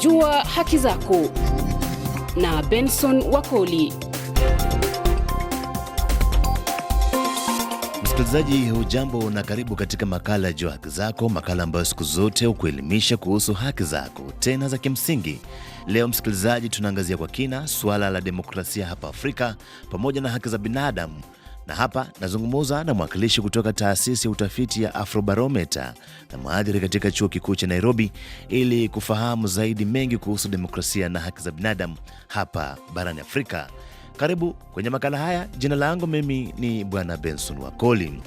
Jua haki zako na Benson Wakoli. Msikilizaji hujambo na karibu katika makala ya Jua Haki Zako, makala ambayo siku zote hukuelimisha kuhusu haki zako tena za kimsingi. Leo msikilizaji, tunaangazia kwa kina suala la demokrasia hapa Afrika pamoja na haki za binadamu na hapa nazungumza na mwakilishi kutoka taasisi ya utafiti ya Afrobarometa na mhadhiri katika chuo kikuu cha Nairobi ili kufahamu zaidi mengi kuhusu demokrasia na haki za binadamu hapa barani Afrika. Karibu kwenye makala haya. Jina langu mimi ni Bwana Benson Wakoli.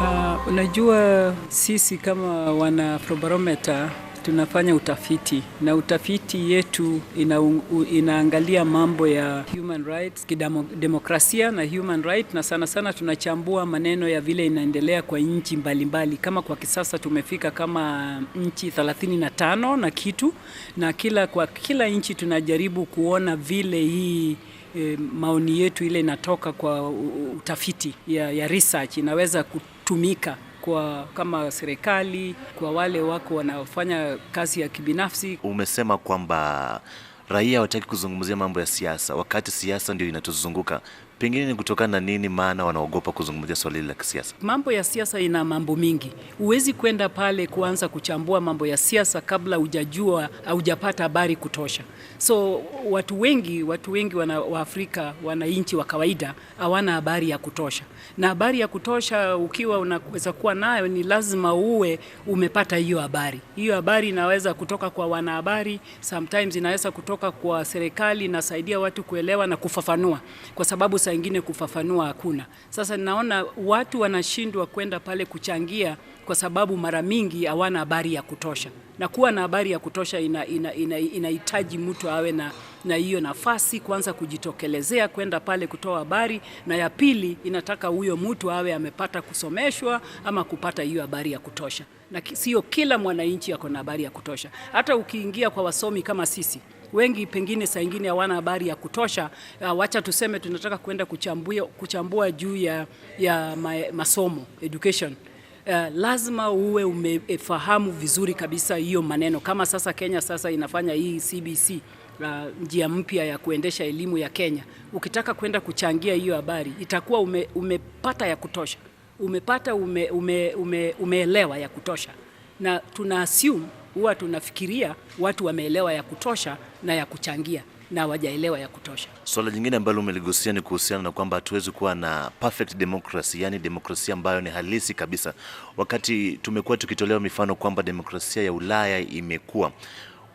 Uh, unajua sisi kama wana Afrobarometa tunafanya utafiti na utafiti yetu ina, inaangalia mambo ya human rights, kidemokrasia na human right, na sana sana tunachambua maneno ya vile inaendelea kwa nchi mbalimbali. Kama kwa kisasa tumefika kama nchi 35 na kitu, na kila kwa kila nchi tunajaribu kuona vile hii e, maoni yetu ile inatoka kwa utafiti ya, ya research inaweza kutumika kwa kama serikali, kwa wale wako wanaofanya kazi ya kibinafsi. Umesema kwamba raia hawataki kuzungumzia mambo ya siasa, wakati siasa ndio inatuzunguka Pengine ni kutokana na nini, maana wanaogopa kuzungumzia swala hili la kisiasa? Mambo ya siasa ina mambo mingi, huwezi kwenda pale kuanza kuchambua mambo ya siasa kabla hujajua au hujapata habari kutosha. So watu wengi, watu wengi wana, wa Afrika, wananchi wa kawaida hawana habari ya kutosha, na habari ya kutosha ukiwa unaweza kuwa nayo ni lazima uwe umepata hiyo habari. Hiyo habari inaweza kutoka kwa wanahabari, sometimes inaweza kutoka kwa serikali, inasaidia watu kuelewa na kufafanua kwa sababu sa ingine kufafanua hakuna. Sasa naona watu wanashindwa kwenda pale kuchangia kwa sababu mara mingi hawana habari ya kutosha, na kuwa na habari ya kutosha inahitaji ina, ina mtu awe na na hiyo nafasi kwanza kujitokelezea kwenda pale kutoa habari, na ya pili inataka huyo mtu awe amepata kusomeshwa ama kupata hiyo habari ya kutosha, na sio kila mwananchi ako na habari ya kutosha. Hata ukiingia kwa wasomi kama sisi wengi pengine saa ingine hawana habari ya kutosha. Uh, wacha tuseme tunataka kwenda kuchambua, kuchambua juu ya, ya ma, masomo education. Uh, lazima uwe umefahamu vizuri kabisa hiyo maneno. Kama sasa Kenya sasa inafanya hii CBC uh, ah, njia mpya ya kuendesha elimu ya Kenya, ukitaka kwenda kuchangia hiyo habari itakuwa ume, umepata ya kutosha, umepata ume, ume, ume, umeelewa ya kutosha, na tuna assume huwa tunafikiria watu wameelewa ya kutosha na ya kuchangia na wajaelewa ya kutosha. Swala jingine ambalo umeligusia ni kuhusiana na kwamba hatuwezi kuwa na perfect democracy, yani demokrasia ambayo ni halisi kabisa, wakati tumekuwa tukitolewa mifano kwamba demokrasia ya Ulaya imekuwa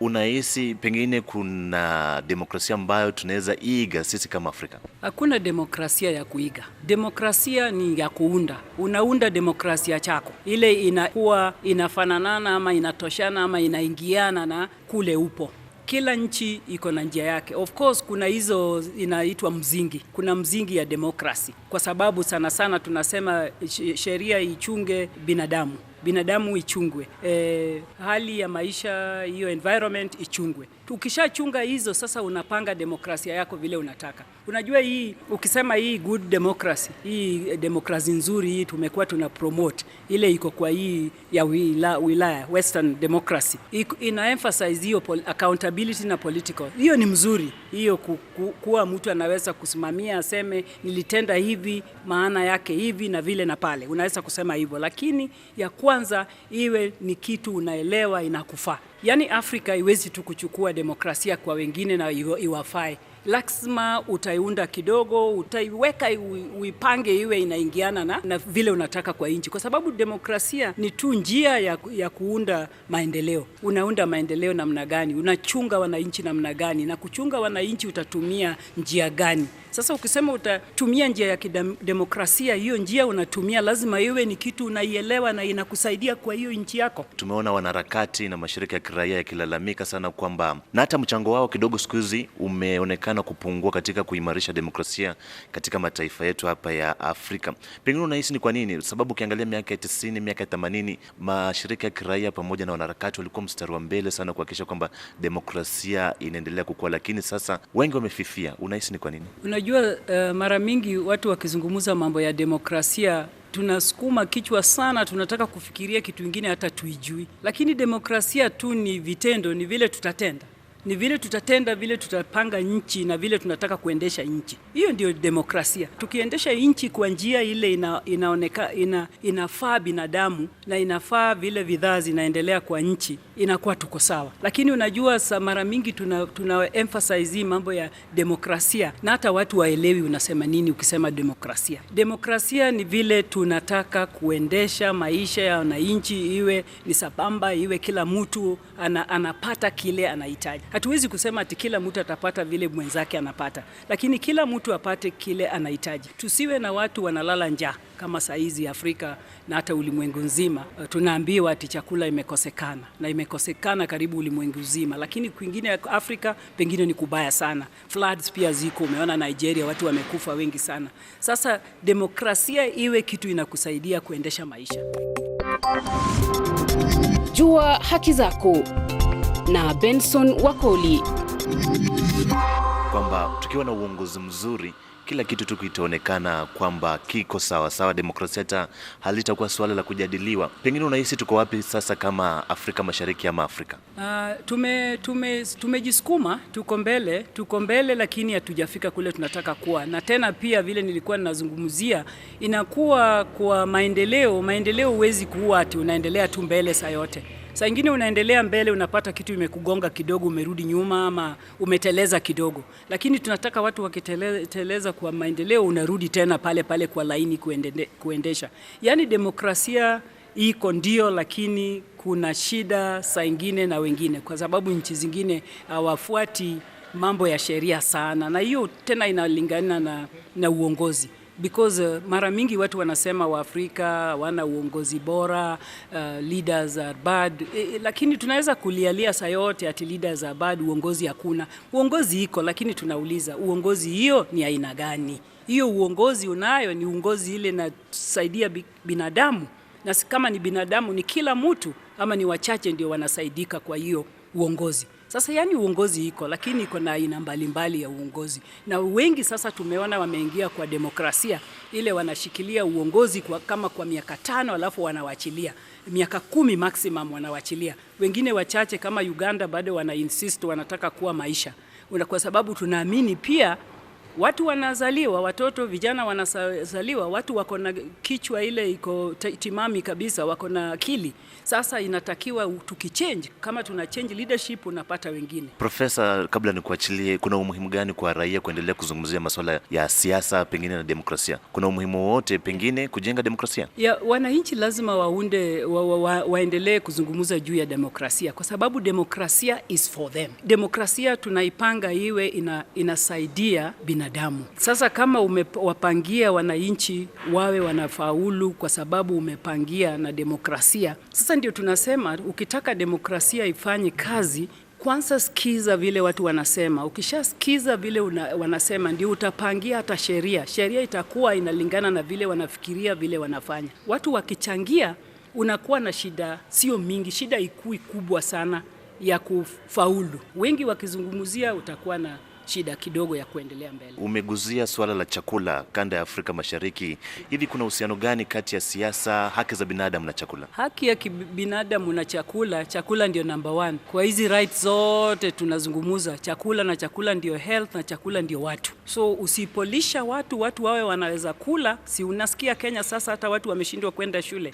Unahisi pengine kuna demokrasia ambayo tunaweza iiga sisi kama Afrika? Hakuna demokrasia ya kuiga. Demokrasia ni ya kuunda, unaunda demokrasia chako, ile inakuwa inafananana ama inatoshana ama inaingiana na kule upo. Kila nchi iko na njia yake. Of course kuna hizo inaitwa mzingi, kuna mzingi ya demokrasi, kwa sababu sana sana tunasema sheria ichunge binadamu binadamu ichungwe, e, hali ya maisha hiyo environment ichungwe. Ukishachunga hizo sasa, unapanga demokrasia yako vile unataka. Unajua hii ukisema hii good democracy, hii eh, demokrasi nzuri hii tumekuwa tuna promote ile iko kwa hii ya wila, wilaya western democracy ina emphasize hiyo accountability na political. Hiyo ni mzuri hiyo, ku, ku, kuwa mtu anaweza kusimamia aseme nilitenda hivi, maana yake hivi na vile na pale, unaweza kusema hivyo, lakini ya kwanza iwe ni kitu unaelewa inakufaa. Yaani Afrika iwezi tu kuchukua demokrasia kwa wengine na iwafae, lazima utaiunda kidogo, utaiweka uipange iwe inaingiana na, na vile unataka kwa nchi, kwa sababu demokrasia ni tu njia ya, ya kuunda maendeleo. Unaunda maendeleo namna gani? Unachunga wananchi namna gani? Na kuchunga wananchi utatumia njia gani? Sasa ukisema utatumia njia ya kidemokrasia, hiyo njia unatumia lazima iwe ni kitu unaielewa na inakusaidia kwa hiyo nchi yako. Tumeona wanaharakati na mashirika ya kiraia yakilalamika sana kwamba na hata mchango wao kidogo siku hizi umeonekana kupungua katika kuimarisha demokrasia katika mataifa yetu hapa ya Afrika. Pengine unahisi ni kwa nini? Sababu ukiangalia miaka ya 90, miaka ya 80, mashirika ya kiraia pamoja na wanaharakati walikuwa mstari wa mbele sana kuhakikisha kwamba demokrasia inaendelea kukua, lakini sasa wengi wamefifia. Unahisi ni kwa nini? Unajua Unajua uh, mara mingi watu wakizungumza mambo ya demokrasia tunasukuma kichwa sana, tunataka kufikiria kitu kingine hata tuijui, lakini demokrasia tu ni vitendo, ni vile tutatenda ni vile tutatenda, vile tutapanga nchi na vile tunataka kuendesha nchi. Hiyo ndio demokrasia. Tukiendesha nchi kwa njia ile ina, inaoneka, ina, inafaa binadamu na inafaa vile vidhaa zinaendelea kwa nchi, inakuwa tuko sawa. Lakini unajua mara mingi tuna, tuna emphasize mambo ya demokrasia na hata watu waelewi unasema nini ukisema demokrasia. Demokrasia ni vile tunataka kuendesha maisha ya wananchi, iwe ni sabamba, iwe kila mtu ana, anapata kile anahitaji. Hatuwezi kusema ati kila mtu atapata vile mwenzake anapata, lakini kila mtu apate kile anahitaji. Tusiwe na watu wanalala njaa kama saa hizi Afrika na hata ulimwengu nzima. Uh, tunaambiwa ati chakula imekosekana na imekosekana karibu ulimwengu nzima, lakini kwingine Afrika pengine ni kubaya sana. Floods pia ziko, umeona Nigeria, watu wamekufa wengi sana. Sasa demokrasia iwe kitu inakusaidia kuendesha maisha. Jua haki zako na Benson Wakoli kwamba tukiwa na uongozi mzuri kila kitu tu kitaonekana kwamba kiko sawa sawa, demokrasia hata halitakuwa swala la kujadiliwa. Pengine unahisi tuko wapi sasa kama Afrika Mashariki ama Afrika? Uh, tume, tume, tumejisukuma, tuko mbele, tuko mbele, lakini hatujafika kule tunataka kuwa. Na tena pia vile nilikuwa ninazungumzia, inakuwa kwa maendeleo, maendeleo huwezi kuwa ati unaendelea tu mbele saa yote Saa ingine unaendelea mbele, unapata kitu imekugonga kidogo, umerudi nyuma ama umeteleza kidogo, lakini tunataka watu wakiteleza kwa maendeleo, unarudi tena pale pale kwa laini kuendesha. Yaani demokrasia iko ndio, lakini kuna shida saa ingine na wengine, kwa sababu nchi zingine hawafuati mambo ya sheria sana, na hiyo tena inalingana na, na uongozi because uh, mara mingi watu wanasema Waafrika wana uongozi bora uh, leaders are bad e, e, lakini tunaweza kulialia saa yote ati leaders are bad, uongozi hakuna. Uongozi iko, lakini tunauliza uongozi hiyo ni aina gani? Hiyo uongozi unayo ni uongozi ile inasaidia binadamu? Na kama ni binadamu, ni kila mtu ama ni wachache ndio wanasaidika? Kwa hiyo uongozi. Sasa yani uongozi iko, lakini iko na aina mbalimbali ya uongozi, na wengi sasa tumeona wameingia kwa demokrasia ile, wanashikilia uongozi kwa, kama kwa miaka tano alafu wanawachilia miaka kumi maximum wanawachilia. Wengine wachache kama Uganda bado wana insist wanataka kuwa maisha, kwa sababu tunaamini pia watu wanazaliwa, watoto vijana wanazaliwa, watu wako na kichwa ile iko timami kabisa, wako na akili. Sasa inatakiwa tukichange, kama tuna change leadership, unapata wengine. Profesa, kabla nikuachilie, kuna umuhimu gani kwa raia kuendelea kuzungumzia masuala ya siasa pengine na demokrasia? Kuna umuhimu wote pengine kujenga demokrasia ya wananchi, lazima waunde wa, wa, wa, waendelee kuzungumza juu ya demokrasia, kwa sababu demokrasia is for them. Demokrasia tunaipanga iwe ina, inasaidia bina binadamu. Sasa kama umewapangia wananchi wawe wanafaulu kwa sababu umepangia na demokrasia, sasa ndio tunasema ukitaka demokrasia ifanye kazi kwanza sikiza vile watu wanasema. Ukishasikiza vile una, wanasema ndio utapangia hata sheria. Sheria itakuwa inalingana na vile wanafikiria, vile wanafanya. Watu wakichangia, unakuwa na shida sio mingi, shida ikui kubwa sana ya kufaulu. Wengi wakizungumzia, utakuwa na shida kidogo ya kuendelea mbele. Umeguzia suala la chakula kanda ya Afrika Mashariki. Hivi kuna uhusiano gani kati ya siasa, haki za binadamu na chakula? Haki ya kibinadamu na chakula, chakula ndio number one. Kwa hizi rights zote tunazungumuza chakula, na chakula ndio health, na chakula ndio watu. So usipolisha watu, watu wawe wanaweza kula, si unasikia Kenya sasa hata watu wameshindwa kwenda shule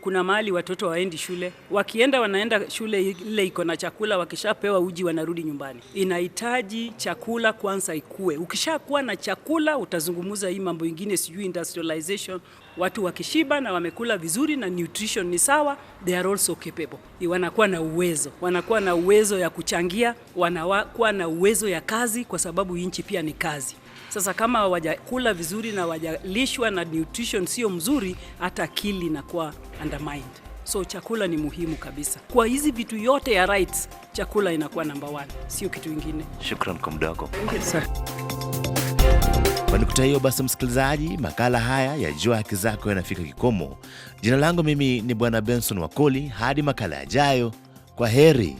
kuna mali watoto waendi shule, wakienda wanaenda shule ile iko na chakula, wakishapewa uji wanarudi nyumbani. Inahitaji chakula kwanza ikue, ukishakuwa na chakula utazungumza hii mambo ingine, sijui industrialization watu wakishiba na wamekula vizuri na nutrition ni sawa, they are also capable. Wanakuwa na uwezo, wanakuwa na uwezo ya kuchangia, wanakuwa na uwezo ya kazi, kwa sababu nchi pia ni kazi. Sasa kama hawajakula vizuri na wajalishwa na nutrition sio mzuri, hata akili inakuwa undermined. So chakula ni muhimu kabisa kwa hizi vitu yote ya rights, chakula inakuwa number 1 sio kitu kingine. Shukran kwa muda wako. Kwa nukta hiyo basi, msikilizaji, makala haya ya Jua Haki Zako yanafika kikomo. Jina langu mimi ni Bwana Benson Wakoli. Hadi makala yajayo, kwa heri.